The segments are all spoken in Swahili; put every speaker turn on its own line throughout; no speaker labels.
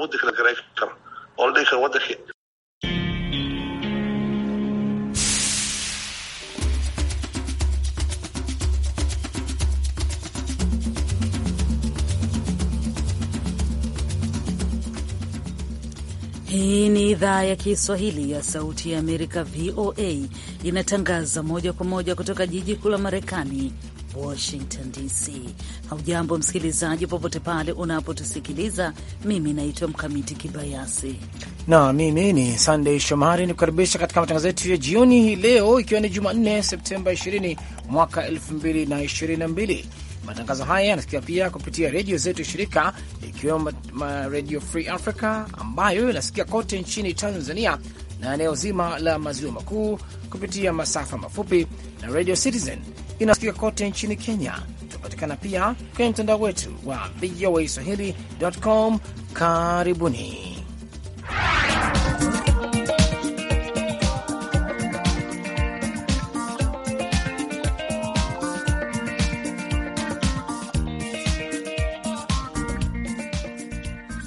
oo la dhihi Hii ni idhaa ya Kiswahili ya Sauti ya Amerika, VOA, inatangaza moja kwa moja kutoka jiji kuu la Marekani, Washington DC. Haujambo msikilizaji, popote pale unapotusikiliza. Mimi naitwa
Mkamiti Kibayasi na mimi ni sandey Shomari, ni kukaribisha katika matangazo yetu ya jioni hii leo, ikiwa ni Jumanne Septemba 20 mwaka 2022. Matangazo haya yanasikia pia kupitia redio zetu shirika, ikiwemo Redio Free Africa ambayo inasikia kote nchini Tanzania na eneo zima la maziwa makuu kupitia masafa mafupi na Radio Citizen inasikika kote nchini Kenya. Tunapatikana pia kwenye mtandao wetu wa VOA Swahili.com. Karibuni.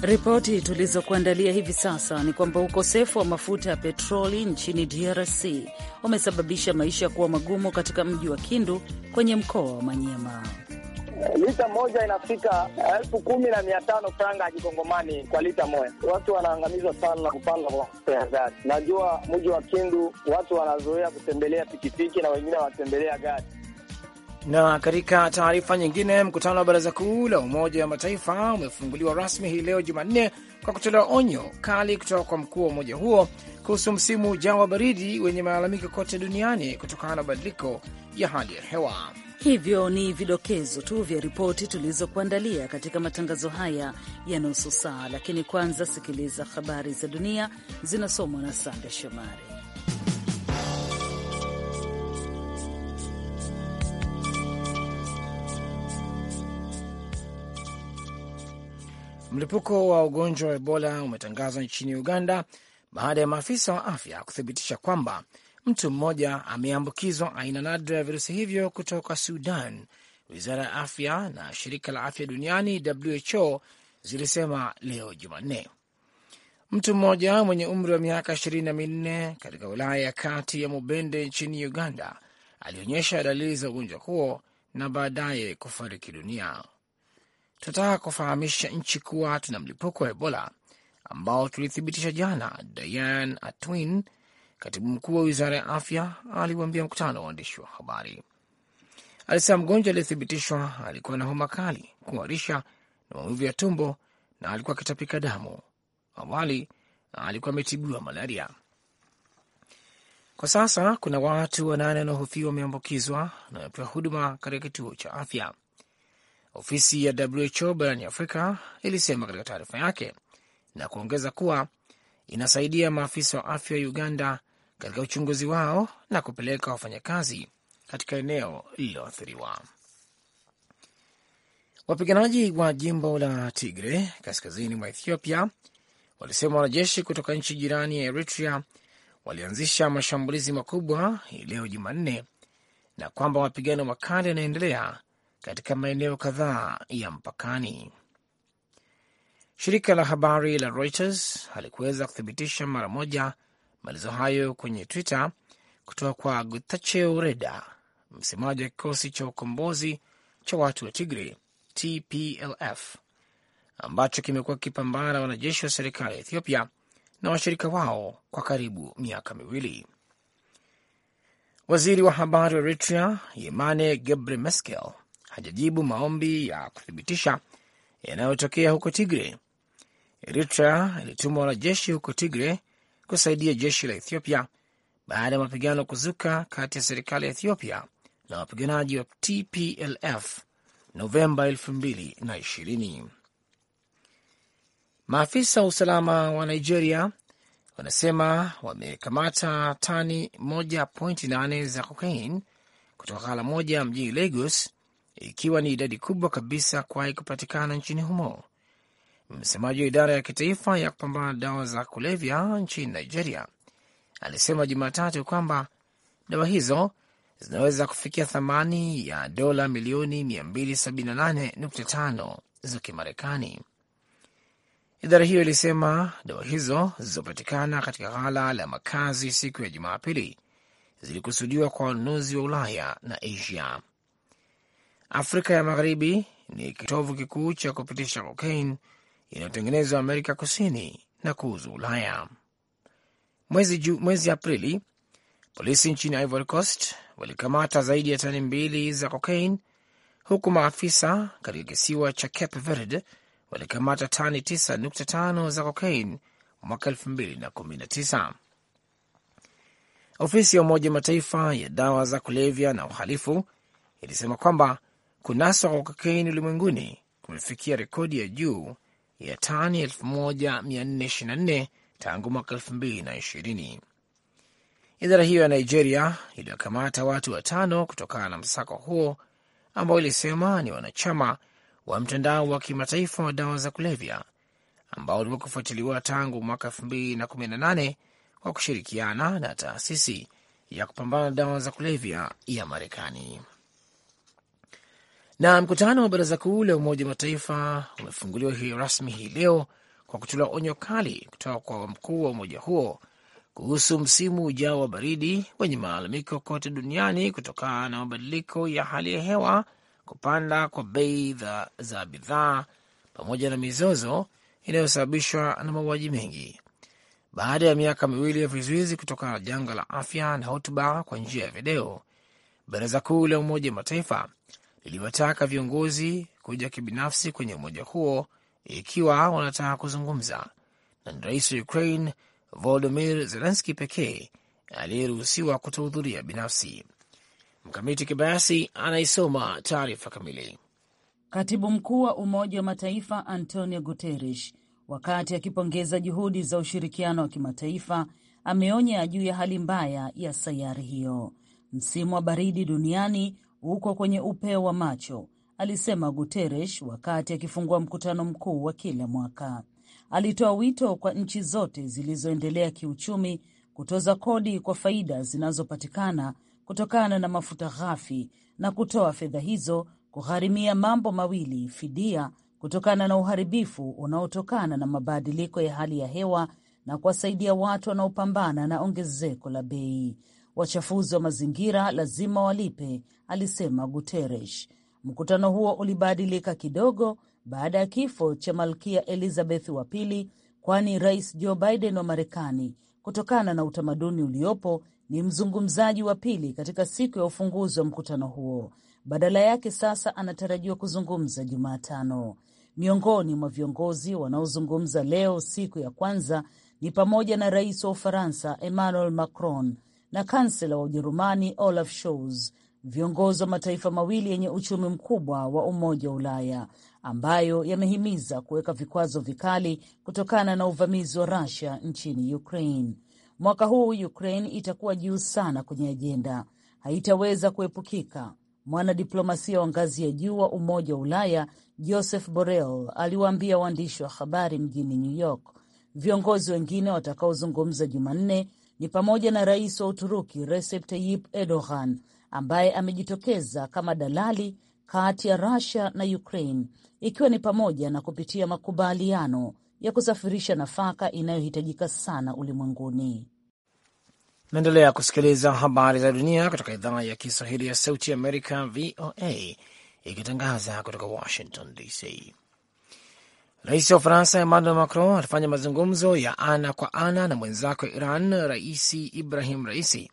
Ripoti tulizokuandalia hivi sasa ni kwamba ukosefu wa mafuta ya petroli nchini DRC wamesababisha maisha kuwa magumu katika mji wa Kindu kwenye mkoa wa Manyema.
Lita moja inafika elfu kumi na mia tano franga kikongomani kwa lita moja. Watu wanaangamizwa sana na kupanda kwa gari. Najua mji wa Kindu watu wanazoea kutembelea pikipiki na wengine wanatembelea gari.
Na katika taarifa nyingine, mkutano wa baraza kuu la Umoja wa Mataifa umefunguliwa rasmi hii leo Jumanne kwa kutolewa onyo kali kutoka kwa mkuu wa umoja huo kuhusu msimu ujao wa baridi wenye malalamiko kote duniani kutokana na mabadiliko ya hali ya hewa. Hivyo ni
vidokezo tu vya ripoti tulizokuandalia katika matangazo haya ya nusu saa, lakini kwanza sikiliza habari za dunia zinasomwa na Sande Shomari.
Mlipuko wa ugonjwa wa Ebola umetangazwa nchini Uganda baada ya maafisa wa afya kuthibitisha kwamba mtu mmoja ameambukizwa aina nadra ya virusi hivyo kutoka Sudan. Wizara ya afya na shirika la afya duniani WHO zilisema leo Jumanne. Mtu mmoja mwenye umri wa miaka ishirini na minne katika wilaya ya kati ya Mubende nchini Uganda alionyesha dalili za ugonjwa huo na baadaye kufariki dunia. Tunataka kufahamisha nchi kuwa tuna mlipuko wa Ebola ambao tulithibitisha jana, Diane Atwin, katibu mkuu wa wizara ya afya, aliwaambia mkutano wa waandishi wa habari. Alisema mgonjwa aliyethibitishwa alikuwa na homa kali, kung'arisha na maumivu ya tumbo na alikuwa akitapika damu. Awali alikuwa ametibiwa malaria. Kwa sasa kuna watu wanane wanaohofiwa wameambukizwa na wamepewa huduma katika kituo cha afya. Ofisi ya WHO barani Afrika ilisema katika taarifa yake na kuongeza kuwa inasaidia maafisa wa afya ya Uganda katika uchunguzi wao na kupeleka wafanyakazi katika eneo lililoathiriwa. Wapiganaji wa jimbo la Tigre kaskazini mwa Ethiopia walisema wanajeshi kutoka nchi jirani ya Eritrea walianzisha mashambulizi makubwa hii leo Jumanne na kwamba mapigano makali yanaendelea katika maeneo kadhaa ya mpakani. Shirika la habari la Reuters halikuweza kuthibitisha mara moja maelezo hayo kwenye Twitter kutoka kwa Getachew Reda, msemaji wa kikosi cha ukombozi cha watu wa tigre TPLF ambacho kimekuwa kikipambana na wanajeshi wa serikali ya Ethiopia na washirika wao kwa karibu miaka miwili. Waziri wa habari wa Eritrea Yemane Gebre Meskel hajajibu maombi ya kuthibitisha yanayotokea huko Tigre Eritrea ilituma wanajeshi huko Tigre kusaidia jeshi la Ethiopia baada ya mapigano kuzuka kati ya serikali ya Ethiopia na wapiganaji wa TPLF Novemba 2020. Maafisa wa usalama wa Nigeria wanasema wamekamata tani 1.8 za cocaine kutoka ghala moja mjini Lagos, ikiwa ni idadi kubwa kabisa kuwahi kupatikana nchini humo Msemaji wa idara ya kitaifa ya kupambana na dawa za kulevya nchini Nigeria alisema Jumatatu kwamba dawa hizo zinaweza kufikia thamani ya dola milioni 278.5 za Kimarekani. Idara hiyo ilisema dawa hizo zilizopatikana katika ghala la makazi siku ya Jumapili zilikusudiwa kwa wanunuzi wa Ulaya na Asia. Afrika ya Magharibi ni kitovu kikuu cha kupitisha kokaini inayotengenezwa Amerika Kusini na kuuzwa Ulaya. Mwezi, ju, mwezi Aprili polisi nchini Ivory Coast walikamata zaidi ya tani mbili za cocaine, huku maafisa katika kisiwa cha Cape Verde walikamata tani 9.5 za cocaine mwaka 2019. Ofisi ya Umoja Mataifa ya dawa za kulevya na uhalifu ilisema kwamba kunaswa kwa kokaini ulimwenguni kumefikia rekodi ya juu ya tani 1424 tangu mwaka 2020. Idara hiyo ya Nigeria iliyokamata watu watano kutokana na msako huo ambao ilisema ni wanachama wa mtandao wa kimataifa wa dawa za kulevya ambao ulikuwa kufuatiliwa tangu mwaka 2018 kwa kushirikiana na taasisi ya kupambana na dawa za kulevya ya Marekani. Na mkutano wa baraza kuu la Umoja wa Mataifa umefunguliwa hii rasmi hii leo kwa kutolewa onyo kali kutoka kwa mkuu wa umoja huo kuhusu msimu ujao wa baridi wenye maalamiko kote duniani kutokana na mabadiliko ya hali ya hewa, kupanda kwa bei za bidhaa pamoja na mizozo inayosababishwa na mauaji mengi. Baada ya miaka miwili ya vizuizi kutokana na janga la afya na hotuba kwa njia ya video, baraza kuu la Umoja wa Mataifa iliwataka viongozi kuja kibinafsi kwenye umoja huo ikiwa wanataka kuzungumza, na ni rais wa Ukraine Volodimir Zelenski pekee aliyeruhusiwa kutohudhuria binafsi. Mkamiti Kibayasi anaisoma taarifa kamili.
Katibu mkuu wa Umoja wa Mataifa Antonio Guterres, wakati akipongeza juhudi za ushirikiano wa kimataifa, ameonya juu ya hali mbaya ya sayari hiyo. Msimu wa baridi duniani uko kwenye upeo wa macho, alisema Guterres wakati akifungua mkutano mkuu wa kila mwaka. Alitoa wito kwa nchi zote zilizoendelea kiuchumi kutoza kodi kwa faida zinazopatikana kutokana na mafuta ghafi na kutoa fedha hizo kugharimia mambo mawili: fidia kutokana na uharibifu unaotokana na mabadiliko ya hali ya hewa na kuwasaidia watu wanaopambana na ongezeko la bei wachafuzi wa mazingira lazima walipe, alisema Guterres. Mkutano huo ulibadilika kidogo baada ya kifo cha Malkia Elizabeth wa pili, kwani Rais Joe Biden wa Marekani, kutokana na utamaduni uliopo, ni mzungumzaji wa pili katika siku ya ufunguzi wa mkutano huo. Badala yake sasa anatarajiwa kuzungumza Jumatano. Miongoni mwa viongozi wanaozungumza leo siku ya kwanza ni pamoja na rais wa Ufaransa Emmanuel Macron, na kansela wa Ujerumani Olaf Scholz, viongozi wa mataifa mawili yenye uchumi mkubwa wa Umoja wa Ulaya ambayo yamehimiza kuweka vikwazo vikali kutokana na uvamizi wa rasia nchini Ukraine. Mwaka huu Ukraine itakuwa juu sana kwenye ajenda, haitaweza kuepukika. Mwanadiplomasia wa ngazi ya juu wa Umoja wa Ulaya Joseph Borrell aliwaambia waandishi wa habari mjini New York. Viongozi wengine watakaozungumza Jumanne ni pamoja na rais wa Uturuki Recep Tayyip Erdogan ambaye amejitokeza kama dalali kati ya rusia na Ukraine, ikiwa ni pamoja na kupitia makubaliano ya kusafirisha nafaka inayohitajika sana ulimwenguni.
Naendelea kusikiliza habari za dunia kutoka idhaa ya Kiswahili ya Sauti ya Amerika, VOA, ikitangaza kutoka Washington DC. Rais wa Ufaransa Emmanuel Macron alifanya mazungumzo ya ana kwa ana na mwenzake wa Iran Raisi Ibrahim Raisi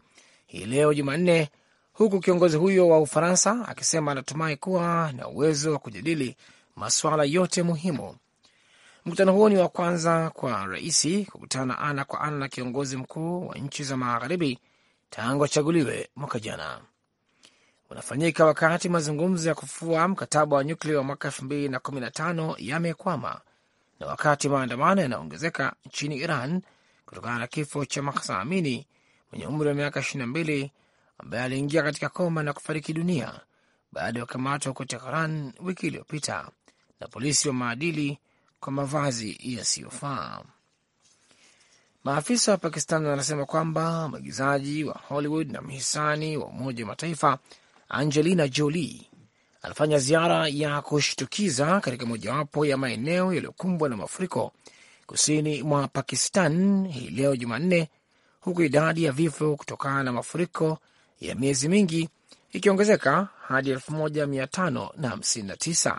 hii leo Jumanne, huku kiongozi huyo wa Ufaransa akisema anatumai kuwa na uwezo wa kujadili masuala yote muhimu. Mkutano huo ni wa kwanza kwa Raisi kukutana ana kwa ana na kiongozi mkuu wa nchi za magharibi tangu achaguliwe mwaka jana unafanyika wakati mazungumzo ya kufua mkataba wa nyuklia wa mwaka tano yamekwama na wakati maandamano yanaongezeka nchini Iran kutokana na kifo cha Mahsa Amini mwenye umri wa miaka mbili ambaye aliingia katika koma na kufariki dunia baada ya kukamatwa huko Tehran wiki iliyopita na polisi wa maadili kwa mavazi yasiyofaa. Maafisa wa Pakistan wanasema kwamba mwigizaji wa Hollywood na mhisani wa Umoja wa Mataifa Angelina Jolie alifanya ziara ya kushtukiza katika mojawapo ya maeneo yaliyokumbwa na mafuriko kusini mwa Pakistan hii leo Jumanne, huku idadi ya vifo kutokana na mafuriko ya miezi mingi ikiongezeka hadi 1559.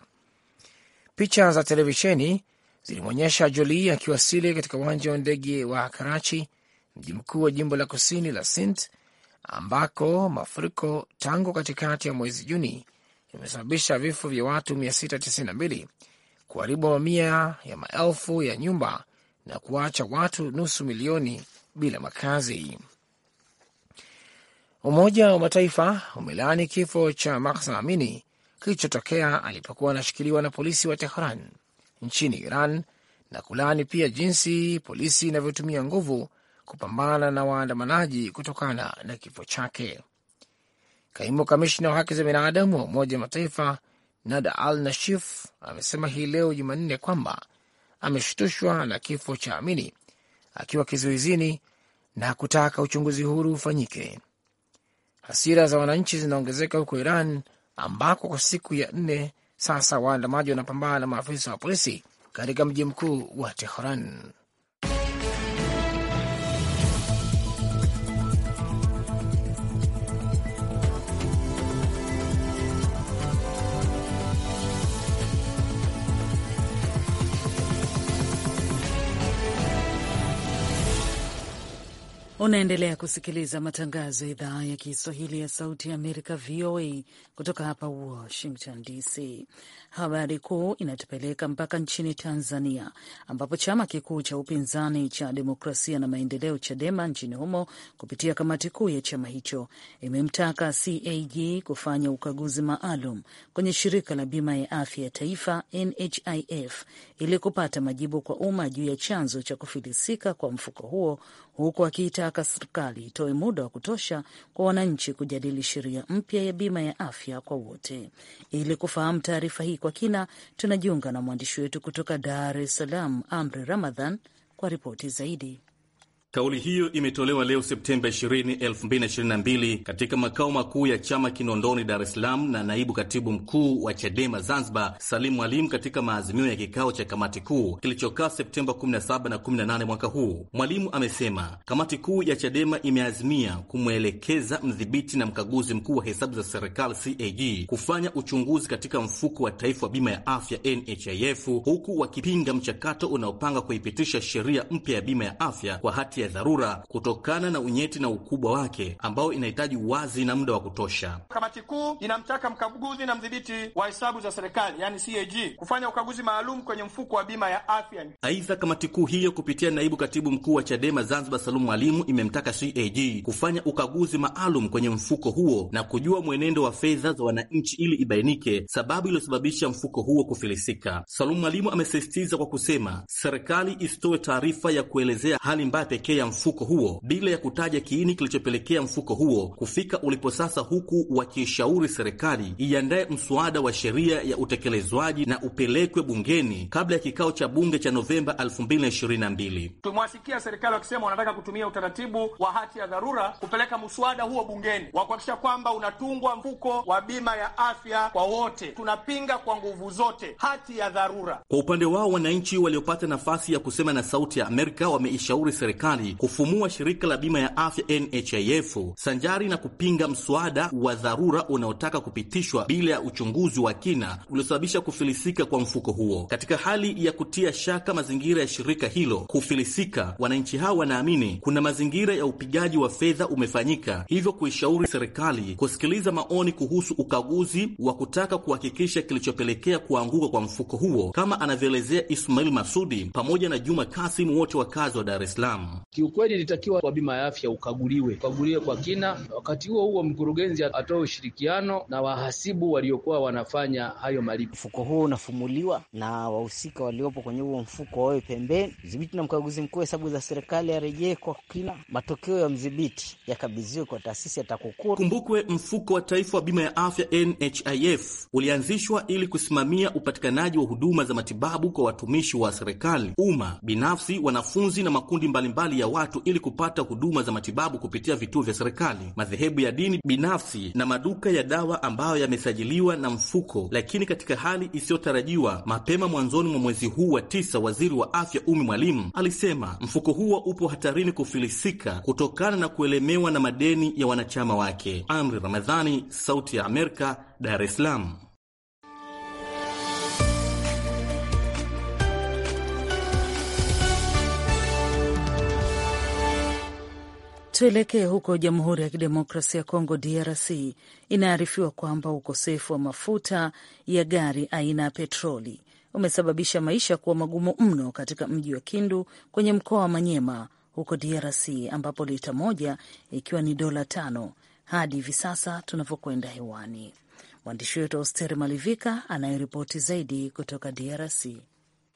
Picha za televisheni zilimwonyesha Jolie akiwasili katika uwanja wa ndege wa Karachi, mji mkuu wa jimbo la kusini la Sindh, ambako mafuriko tangu katikati ya mwezi Juni yamesababisha vifo vya watu 692 kuharibu mamia ya maelfu ya nyumba na kuacha watu nusu milioni bila makazi. Umoja wa Mataifa umelaani kifo cha Mahsa Amini kilichotokea alipokuwa anashikiliwa na polisi wa Tehran nchini Iran na kulaani pia jinsi polisi inavyotumia nguvu kupambana na waandamanaji kutokana na kifo chake. Kaimu kamishna wa haki za binadamu wa Umoja wa Mataifa Nada Al Nashif amesema hii leo Jumanne kwamba ameshutushwa na kifo cha Amini akiwa kizuizini na kutaka uchunguzi huru ufanyike. Hasira za wananchi zinaongezeka huko Iran ambako kwa siku ya nne sasa waandamaji wanapambana na maafisa wa polisi katika mji mkuu wa Tehran.
Unaendelea kusikiliza matangazo ya idhaa ya Kiswahili ya Sauti ya Amerika, VOA, kutoka hapa Washington DC. Habari kuu inatupeleka mpaka nchini Tanzania, ambapo chama kikuu cha upinzani cha Demokrasia na Maendeleo, CHADEMA, nchini humo kupitia kamati kuu ya chama hicho imemtaka CAG kufanya ukaguzi maalum kwenye shirika la bima ya afya ya taifa NHIF ili kupata majibu kwa umma juu ya chanzo cha kufilisika kwa mfuko huo huku akiitaka serikali itoe muda wa kutosha kwa wananchi kujadili sheria mpya ya bima ya afya kwa wote. Ili kufahamu taarifa hii kwa kina, tunajiunga na mwandishi wetu kutoka Dar es Salaam, Amri Ramadhan, kwa ripoti zaidi.
Kauli hiyo imetolewa leo Septemba 20, 2022 katika makao makuu ya chama Kinondoni, Dar es Salaam na naibu katibu mkuu wa Chadema Zanzibar Salim Mwalimu katika maazimio ya kikao cha kamati kuu kilichokaa Septemba 17 na 18 mwaka huu. Mwalimu amesema kamati kuu ya Chadema imeazimia kumwelekeza mdhibiti na mkaguzi mkuu wa hesabu za serikali CAG kufanya uchunguzi katika mfuko wa taifa wa bima ya afya NHIF, huku wakipinga mchakato unaopanga kuipitisha sheria mpya ya bima ya afya kwa hati ya dharura kutokana na unyeti na ukubwa wake ambao inahitaji wazi na muda wa kutosha.
Kamati kuu inamtaka mkaguzi na mdhibiti wa hesabu za serikali yani CAG kufanya ukaguzi maalum kwenye mfuko wa bima ya afya.
Aidha, kamati kuu hiyo kupitia naibu katibu mkuu wa Chadema Zanzibar Salum Mwalimu imemtaka CAG kufanya ukaguzi maalum kwenye mfuko huo na kujua mwenendo wa fedha za wananchi ili ibainike sababu iliyosababisha mfuko huo kufilisika. Salum Mwalimu amesisitiza kwa kusema serikali isitoe taarifa ya kuelezea hali mbaya pekee ya mfuko huo bila ya kutaja kiini kilichopelekea mfuko huo kufika ulipo sasa, huku wakishauri serikali iandaye mswada wa sheria ya utekelezwaji na upelekwe bungeni kabla ya kikao cha bunge cha Novemba 2022.
Tumewasikia serikali wakisema wanataka kutumia utaratibu wa hati ya dharura kupeleka mswada huo bungeni wa kuhakikisha kwamba unatungwa mfuko wa bima ya afya kwa wote. Tunapinga kwa nguvu zote hati ya dharura.
Kwa upande wao, wananchi waliopata nafasi ya kusema na Sauti ya Amerika wameishauri serikali serikali kufumua shirika la bima ya afya NHIF sanjari na kupinga mswada wa dharura unaotaka kupitishwa bila ya uchunguzi wa kina uliosababisha kufilisika kwa mfuko huo. Katika hali ya kutia shaka mazingira ya shirika hilo kufilisika, wananchi hao wanaamini kuna mazingira ya upigaji wa fedha umefanyika, hivyo kuishauri serikali kusikiliza maoni kuhusu ukaguzi wa kutaka kuhakikisha kilichopelekea kuanguka kwa mfuko huo, kama anavyoelezea Ismail Masudi pamoja na Juma Kasimu, wote wakazi wa Dar es Salaam. Kiukweli ilitakiwa kwa bima ya afya ukaguliwe, ukaguliwe kwa kina.
Wakati huo huo, mkurugenzi atoe ushirikiano na wahasibu waliokuwa wanafanya hayo malipo. Mfuko huo unafumuliwa na wahusika waliopo kwenye huo mfuko wawe pembeni. Mdhibiti na mkaguzi mkuu hesabu za serikali arejee kwa kina, matokeo ya mdhibiti yakabidhiwe kwa taasisi ya TAKUKURU.
Kumbukwe, mfuko wa taifa wa bima ya afya NHIF ulianzishwa ili kusimamia upatikanaji wa huduma za matibabu kwa watumishi wa serikali, umma, binafsi, wanafunzi na makundi mbalimbali ya watu ili kupata huduma za matibabu kupitia vituo vya serikali, madhehebu ya dini binafsi na maduka ya dawa ambayo yamesajiliwa na mfuko. Lakini katika hali isiyotarajiwa, mapema mwanzoni mwa mwezi huu wa tisa, waziri wa afya Umi Mwalimu alisema mfuko huo upo hatarini kufilisika kutokana na kuelemewa na madeni ya wanachama wake. Amri Ramadhani, Sauti ya Amerika, Dar es Salaam.
Tuelekee huko Jamhuri ya Kidemokrasia ya Kongo, DRC. Inaarifiwa kwamba ukosefu wa mafuta ya gari aina ya petroli umesababisha maisha kuwa magumu mno katika mji wa Kindu kwenye mkoa wa Manyema huko DRC, ambapo lita moja ikiwa ni dola tano hadi hivi sasa tunavyokwenda hewani. Mwandishi wetu Austeri Malivika anayeripoti zaidi kutoka DRC.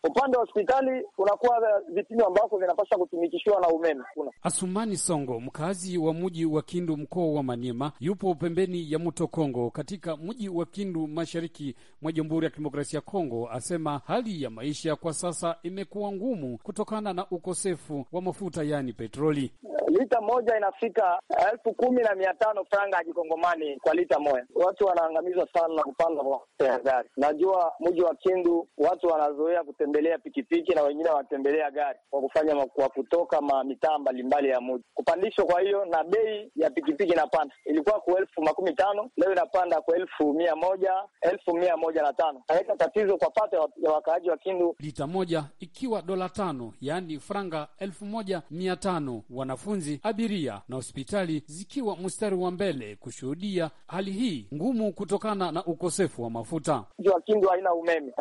Upande wa hospitali unakuwa vipimo ambavyo vinapaswa kutumikishiwa na umeme. Kuna
Asumani Songo, mkazi wa mji wa Kindu, mkoa wa Maniema, yupo pembeni ya mto Kongo katika mji wa Kindu, mashariki mwa Jamhuri ya Kidemokrasia ya Kongo, asema hali ya maisha kwa sasa imekuwa ngumu kutokana na ukosefu wa mafuta, yaani petroli.
Eh, lita moja inafika elfu kumi na mia tano franga ya Kikongomani kwa lita moja. Watu wanaangamizwa sana na kupanda kwa gari Najua mji wa Kindu watu wanazoea kutembelea pikipiki na wengine wanatembelea gari kwa kufanya kwa kutoka mamitaa mbalimbali ya mji kupandishwa. Kwa hiyo na bei ya pikipiki inapanda, ilikuwa kwa elfu makumi tano leo inapanda kwa elfu mia moja elfu mia moja na tano naweka tatizo kwa pato ya wakaaji wa Kindu. Lita moja
ikiwa dola tano, yaani franga elfu moja mia tano wanafunzi ulinzi, abiria na hospitali zikiwa mstari wa mbele kushuhudia hali hii ngumu kutokana na ukosefu wa mafuta.
Mji wa Kindu haina umeme,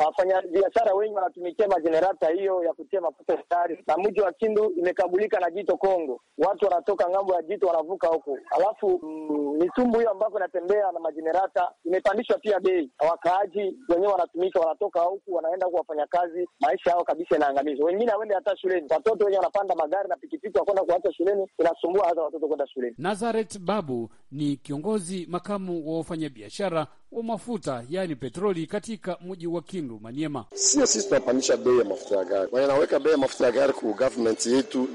biashara wengi wanatumikia majenerata hiyo ya kutia mafuta hatari, na mji wa Kindu imekabulika na jito Kongo, watu wanatoka ng'ambo ya jito wanavuka huku alafu mm, mitumbu hiyo ambako inatembea na majenerata imepandishwa pia bei. Wakaaji wenyewe wanatumika, wanatoka huku wanaenda huku wafanya kazi, maisha yao kabisa inaangamizwa. Wengine awende hata shuleni, watoto wenye wanapanda magari na pikipiki wakwenda kuacha shuleni inasumbua hata watoto kwenda shuleni.
Nazaret Babu ni kiongozi makamu wa wafanyabiashara wa mafuta yaani petroli katika mji wa Kindu, Maniema.
Sio sisi tunapandisha bei ya mafuta ya gari, wenye naweka bei ya mafuta ya gari ku government yetu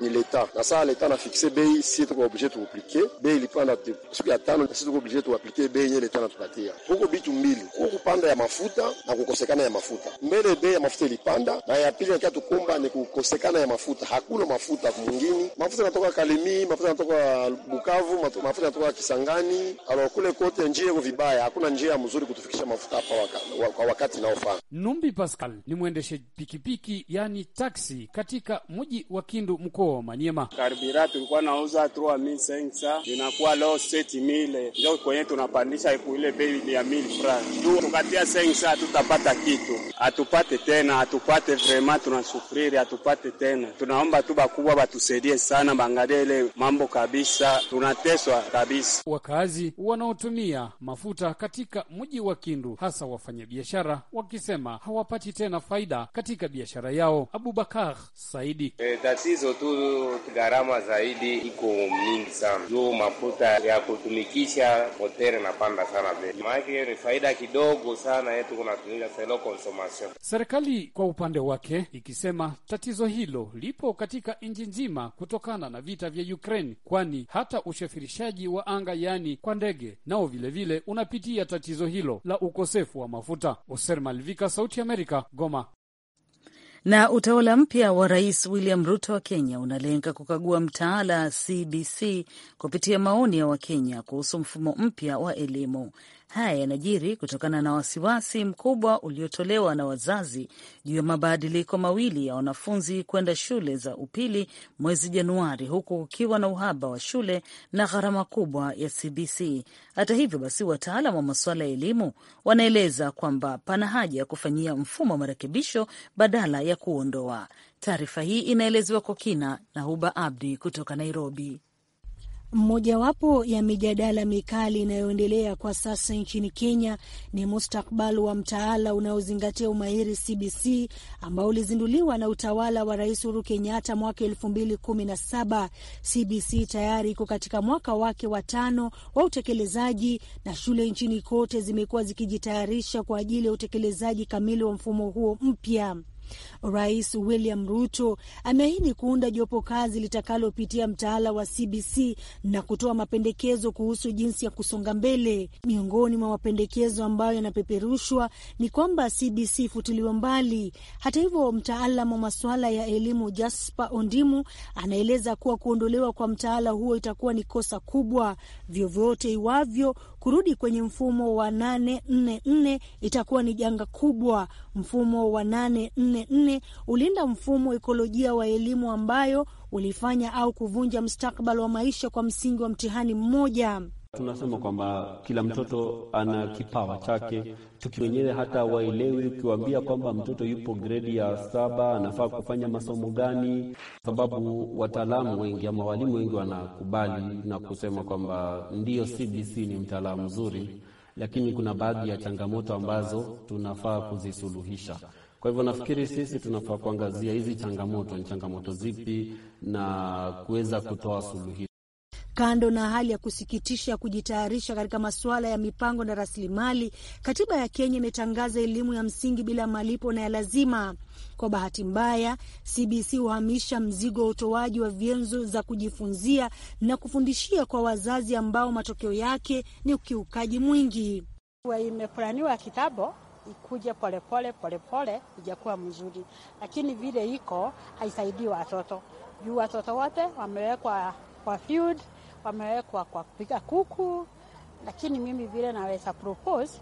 ni leta, na saa leta nafikse bei, si tuko oblige tuaplike bei ilipanda siku ya tano, si tuko oblige tuaplike bei yenye leta natupatia. Huko bitu mbili, ku panda ya mafuta na kukosekana ya mafuta. Mbele bei ya mafuta ilipanda, na ya pili nakia tukumba ni kukosekana ya mafuta, hakuna mafuta mwingine mafuta natoka Kalemi, mafuta natoka Bukavu, mafuta natoka Kisangani. Alors kule kote njia iko vibaya, hakuna njia mzuri kutufikisha mafuta hapa waka, kwa wakati unaofaa.
Numbi Pascal ni mwendeshe pikipiki yani taksi katika mji wa Kindu mkoa wa Manyema. Karibira tulikuwa nauza 3500 inakuwa leo 7000 ndio kwenye tunapandisha ile bei ya 1000 francs tu, tukatia 500 tutapata kitu, hatupate tena, hatupate vraiment, tunasufiri hatupate tena. Tunaomba tu bakubwa batusaidie sana tunabangalia ile mambo kabisa, tunateswa kabisa. Wakazi wanaotumia mafuta katika mji wa Kindu, hasa wafanyabiashara, wakisema hawapati tena faida katika biashara yao. Abubakar Saidi:
E, tatizo tu gharama zaidi iko mingi sana juu mafuta ya kutumikisha hoteli napanda sana bei, maanake ni faida kidogo sana yetu kunatumika selo consommation.
Serikali kwa upande wake ikisema tatizo hilo lipo katika nchi nzima kutokana na vita vya Ukraine, kwani hata ushafirishaji wa anga, yaani kwa ndege, nao vilevile unapitia tatizo hilo la ukosefu wa mafuta. Oser Malvika, Sauti Amerika, Goma.
Na utawala mpya wa Rais William Ruto wa Kenya unalenga kukagua mtaala CBC kupitia maoni ya Wakenya kuhusu mfumo mpya wa elimu. Haya yanajiri kutokana na wasiwasi mkubwa uliotolewa na wazazi juu ya mabadiliko mawili ya wanafunzi kwenda shule za upili mwezi Januari, huku kukiwa na uhaba wa shule na gharama kubwa ya CBC. Hata hivyo basi, wataalam wa masuala ya elimu wanaeleza kwamba pana haja ya kufanyia mfumo wa marekebisho badala ya kuondoa. Taarifa hii inaelezewa kwa kina na Huba Abdi kutoka Nairobi.
Mmojawapo ya mijadala mikali inayoendelea kwa sasa nchini Kenya ni mustakbal wa mtaala unaozingatia umahiri CBC ambao ulizinduliwa na utawala wa Rais Uhuru Kenyatta mwaka elfu mbili kumi na saba. CBC tayari iko katika mwaka wake wa tano wa utekelezaji na shule nchini kote zimekuwa zikijitayarisha kwa ajili ya utekelezaji kamili wa mfumo huo mpya. Rais William Ruto ameahidi kuunda jopo kazi litakalopitia mtaala wa CBC na kutoa mapendekezo kuhusu jinsi ya kusonga mbele. Miongoni mwa mapendekezo ambayo yanapeperushwa ni kwamba CBC ifutiliwe mbali. Hata hivyo, mtaalam wa masuala ya elimu Jasper Ondimu anaeleza kuwa kuondolewa kwa mtaala huo itakuwa ni kosa kubwa vyovyote iwavyo kurudi kwenye mfumo wa nane nne nne itakuwa ni janga kubwa. Mfumo wa nane nne nne ulinda mfumo ekolojia wa elimu ambayo ulifanya au kuvunja mstakbal wa maisha kwa msingi wa mtihani mmoja.
Tunasema kwamba kila mtoto ana kipawa chake, wenyewe hata waelewi. Ukiwaambia kwamba mtoto yupo gredi ya saba anafaa kufanya masomo gani, sababu wataalamu wengi ama walimu wengi wanakubali na kusema kwamba ndiyo, CBC ni mtaalamu mzuri, lakini kuna baadhi ya changamoto ambazo tunafaa kuzisuluhisha. Kwa hivyo nafikiri sisi tunafaa kuangazia hizi changamoto ni changamoto zipi na kuweza kutoa suluhisho.
Kando na hali ya kusikitisha ya kujitayarisha katika masuala ya mipango na rasilimali, katiba ya Kenya imetangaza elimu ya msingi bila malipo na ya lazima. Kwa bahati mbaya, CBC huhamisha mzigo wa utoaji wa vyenzo za kujifunzia na kufundishia kwa wazazi ambao matokeo yake ni ukiukaji mwingi. Imepulaniwa kitabo ikuja polepole polepole ijakuwa mzuri, lakini vile iko haisaidii watoto juu watoto wote wamewekwa kwa field wamewekwa kwa kupiga kuku, lakini mimi vile naweza propose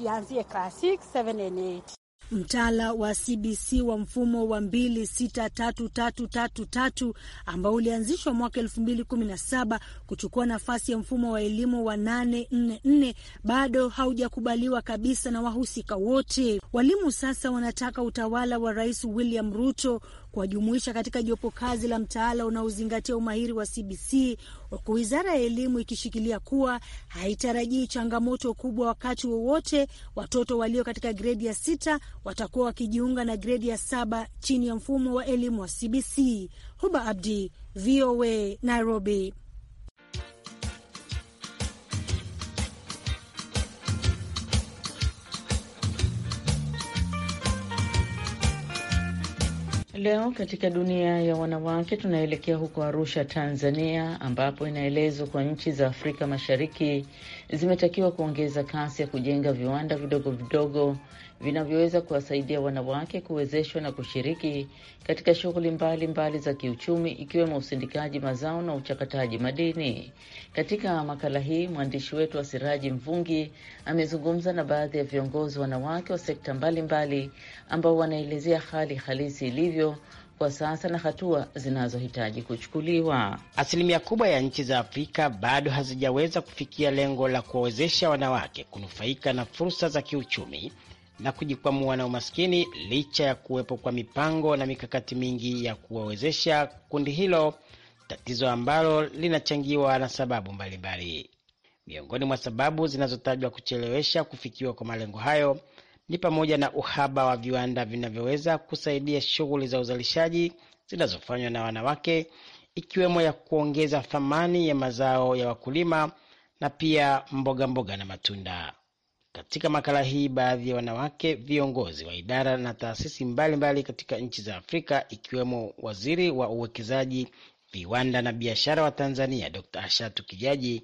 ianzie class 6, 7 and 8. Mtaala wa CBC wa mfumo wa 263333 ambao ulianzishwa mwaka 2017 kuchukua nafasi ya mfumo wa elimu wa 844 bado haujakubaliwa kabisa na wahusika wote. Walimu sasa wanataka utawala wa Rais William Ruto kuwajumuisha katika jopo kazi la mtaala unaozingatia umahiri wa CBC, huku wizara ya elimu ikishikilia kuwa haitarajii changamoto kubwa wakati wowote watoto walio katika gredi ya sita watakuwa wakijiunga na gredi ya saba chini ya mfumo wa elimu wa CBC. Huba Abdi, VOA, Nairobi.
leo katika dunia ya
wanawake tunaelekea huko Arusha, Tanzania, ambapo inaelezwa kwa nchi za Afrika Mashariki zimetakiwa kuongeza kasi ya kujenga viwanda vidogo vidogo vinavyoweza kuwasaidia wanawake kuwezeshwa na kushiriki katika shughuli mbalimbali za kiuchumi ikiwemo usindikaji mazao na uchakataji madini. Katika makala hii, mwandishi wetu wa Siraji Mvungi amezungumza na baadhi ya viongozi wanawake wa sekta mbalimbali ambao wanaelezea hali halisi ilivyo kwa sasa na hatua zinazohitaji kuchukuliwa.
Asilimia kubwa ya nchi za Afrika bado hazijaweza kufikia lengo la kuwawezesha wanawake kunufaika na fursa za kiuchumi na kujikwamua na umaskini licha ya kuwepo kwa mipango na mikakati mingi ya kuwawezesha kundi hilo, tatizo ambalo linachangiwa na sababu mbalimbali. Miongoni mwa sababu zinazotajwa kuchelewesha kufikiwa kwa malengo hayo ni pamoja na uhaba wa viwanda vinavyoweza kusaidia shughuli za uzalishaji zinazofanywa na wanawake, ikiwemo ya kuongeza thamani ya mazao ya wakulima na pia mboga mboga na matunda. Katika makala hii, baadhi ya wanawake viongozi wa idara na taasisi mbalimbali mbali katika nchi za Afrika, ikiwemo waziri wa uwekezaji, viwanda na biashara wa Tanzania Dr. Ashatu Kijaji,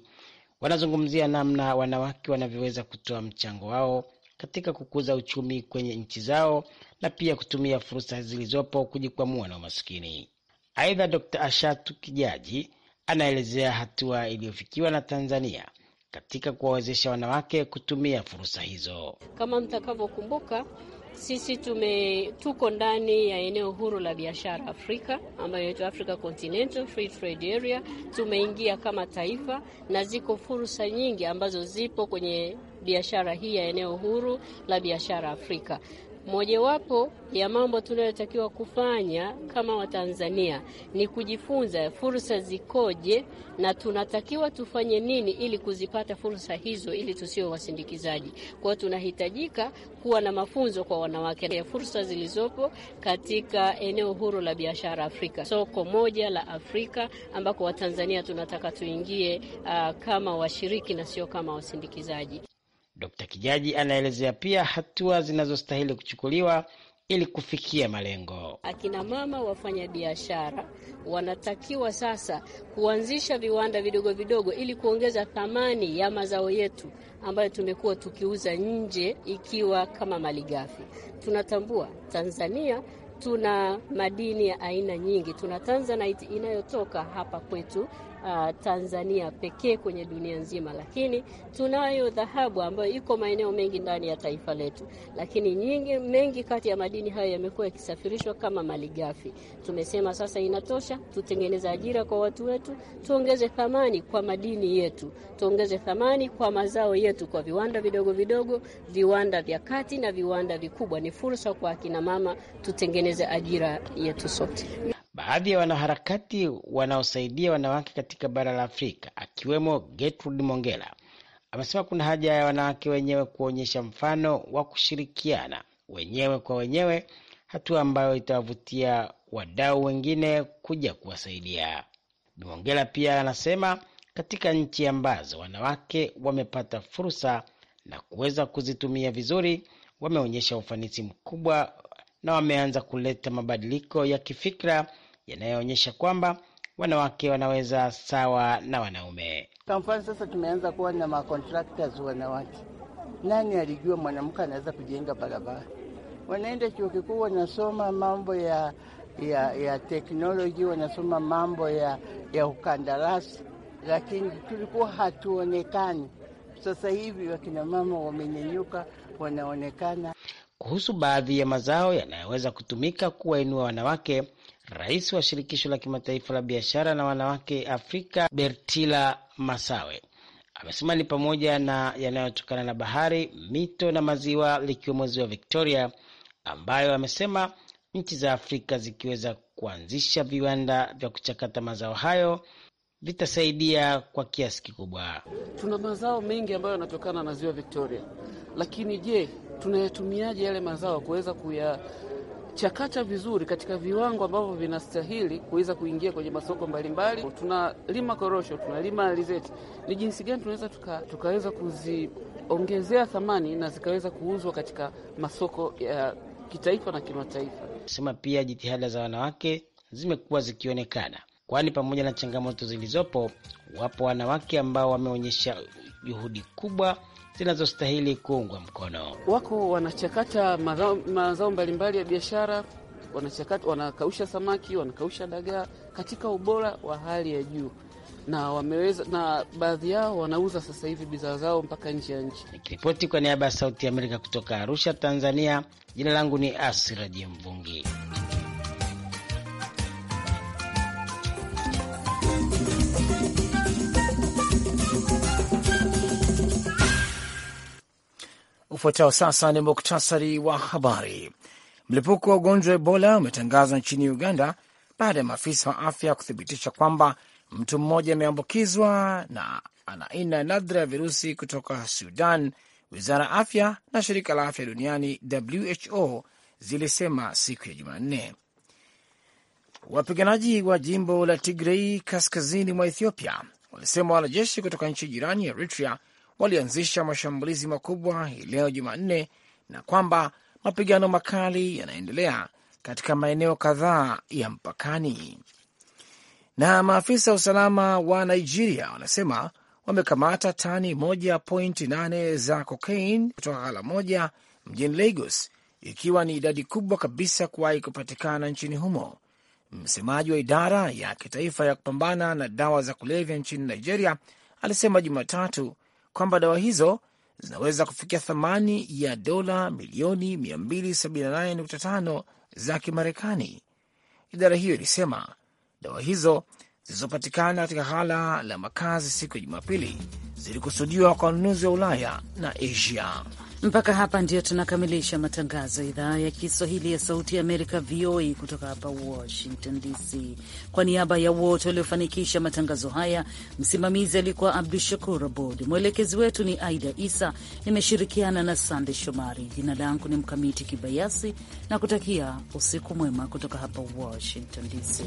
wanazungumzia namna wanawake wanavyoweza kutoa mchango wao katika kukuza uchumi kwenye nchi zao na pia kutumia fursa zilizopo kujikwamua na umaskini. Aidha, Dr. Ashatu Kijaji anaelezea hatua iliyofikiwa na Tanzania katika kuwawezesha wanawake kutumia fursa hizo.
Kama mtakavyokumbuka, sisi tume tuko ndani ya eneo huru la biashara Afrika ambayo inaitwa Africa Continental Free Trade Area. Tumeingia kama taifa na ziko fursa nyingi ambazo zipo kwenye biashara hii ya eneo huru la biashara Afrika. Mojawapo ya mambo tunayotakiwa kufanya kama Watanzania ni kujifunza fursa zikoje na tunatakiwa tufanye nini ili kuzipata fursa hizo, ili tusiwe wasindikizaji. Kwa hiyo tunahitajika kuwa na mafunzo kwa wanawake ya fursa zilizopo katika eneo huru la biashara Afrika, soko moja la Afrika ambako Watanzania tunataka tuingie, uh, kama washiriki na sio kama wasindikizaji
d Kijaji anaelezea pia hatua zinazostahili kuchukuliwa ili kufikia malengo.
Akina mama wafanya biashara wanatakiwa sasa kuanzisha viwanda vidogo vidogo ili kuongeza thamani ya mazao yetu ambayo tumekuwa tukiuza nje ikiwa kama malighafi. Tunatambua Tanzania tuna madini ya aina nyingi, tuna tanzanite inayotoka hapa kwetu uh, Tanzania pekee kwenye dunia nzima, lakini tunayo dhahabu ambayo iko maeneo mengi ndani ya taifa letu, lakini nyingi mengi kati ya madini hayo yamekuwa yakisafirishwa kama malighafi. Tumesema sasa inatosha, tutengeneze ajira kwa watu wetu, tuongeze thamani kwa madini yetu, tuongeze thamani kwa mazao yetu, kwa viwanda vidogo vidogo, viwanda vya kati na viwanda vikubwa. Ni fursa kwa akina mama, tutengeneze ajira yetu sote baadhi
ya wanaharakati wanaosaidia wanawake katika bara la Afrika akiwemo Gertrude Mongela amesema kuna haja ya wanawake wenyewe kuonyesha mfano wa kushirikiana wenyewe kwa wenyewe, hatua ambayo itawavutia wadau wengine kuja kuwasaidia. Mongela pia anasema katika nchi ambazo wanawake wamepata fursa na kuweza kuzitumia vizuri, wameonyesha ufanisi mkubwa na wameanza kuleta mabadiliko ya kifikra yanayoonyesha kwamba wanawake wanaweza sawa na wanaume.
Kwa mfano sasa, tumeanza
kuwa na makontraktas wanawake. Nani alijua mwanamke anaweza kujenga barabara? Wanaenda chuo kikuu, wanasoma mambo ya ya ya teknoloji, wanasoma mambo ya ya ukandarasi, lakini tulikuwa hatuonekani. Sasa hivi wakinamama wamenyenyuka wanaonekana. Kuhusu baadhi ya mazao yanayoweza kutumika kuwainua wanawake Rais wa shirikisho la kimataifa la biashara na wanawake Afrika Bertila Masawe amesema ni pamoja na yanayotokana na bahari, mito na maziwa, likiwemo ziwa Victoria, ambayo amesema nchi za Afrika zikiweza kuanzisha viwanda vya kuchakata mazao hayo vitasaidia kwa kiasi kikubwa.
Tuna mazao mengi ambayo yanatokana na ziwa Victoria, lakini je, tunayatumiaje yale mazao kuweza kuya kuchakata vizuri katika viwango ambavyo vinastahili kuweza kuingia kwenye masoko mbalimbali. Tunalima korosho, tunalima alizeti, ni jinsi gani tunaweza tuka, tukaweza kuziongezea thamani na zikaweza kuuzwa katika masoko
ya kitaifa na kimataifa. Sema pia jitihada za wanawake zimekuwa zikionekana, kwani pamoja na changamoto zilizopo, wapo wanawake ambao wameonyesha juhudi kubwa zinazostahili kuungwa mkono. Wako wanachakata
mazao, mazao mbalimbali ya biashara wanachakata, wanakausha samaki, wanakausha dagaa katika ubora wa hali ya juu na wameweza na baadhi yao wanauza sasa hivi bidhaa zao mpaka nje ya nchi.
Nikiripoti kwa niaba ya Sauti ya Amerika kutoka Arusha, Tanzania, jina langu ni Asira mvungi
Ufuatao sasa ni muktasari wa habari. Mlipuko wa ugonjwa wa Ebola umetangazwa nchini Uganda baada ya maafisa wa afya kuthibitisha kwamba mtu mmoja ameambukizwa na ana aina nadra ya virusi kutoka Sudan. Wizara ya afya na shirika la afya duniani WHO zilisema siku ya Jumanne. Wapiganaji wa jimbo la Tigrei kaskazini mwa Ethiopia walisema wanajeshi kutoka nchi jirani ya Eritrea walianzisha mashambulizi makubwa hii leo Jumanne na kwamba mapigano makali yanaendelea katika maeneo kadhaa ya mpakani. Na maafisa wa usalama wa Nigeria wanasema wamekamata tani 1.8 za kokaini kutoka ghala moja mjini Lagos, ikiwa ni idadi kubwa kabisa kuwahi kupatikana nchini humo. Msemaji wa idara ya kitaifa ya kupambana na dawa za kulevya nchini Nigeria alisema Jumatatu kwamba dawa hizo zinaweza kufikia thamani ya dola milioni 278.5 za Kimarekani. Idara hiyo ilisema dawa hizo zilizopatikana katika ghala la makazi siku ya Jumapili zilikusudiwa kwa wanunuzi wa Ulaya na Asia. Mpaka hapa ndio tunakamilisha matangazo
ya idhaa ya Kiswahili ya Sauti ya Amerika, VOA, kutoka hapa Washington DC. Kwa niaba ya wote waliofanikisha matangazo haya, msimamizi alikuwa Abdu Shakur Abod, mwelekezi wetu ni Aida Isa, nimeshirikiana na Sande Shomari. Jina langu ni Mkamiti Kibayasi na kutakia usiku mwema kutoka hapa Washington DC.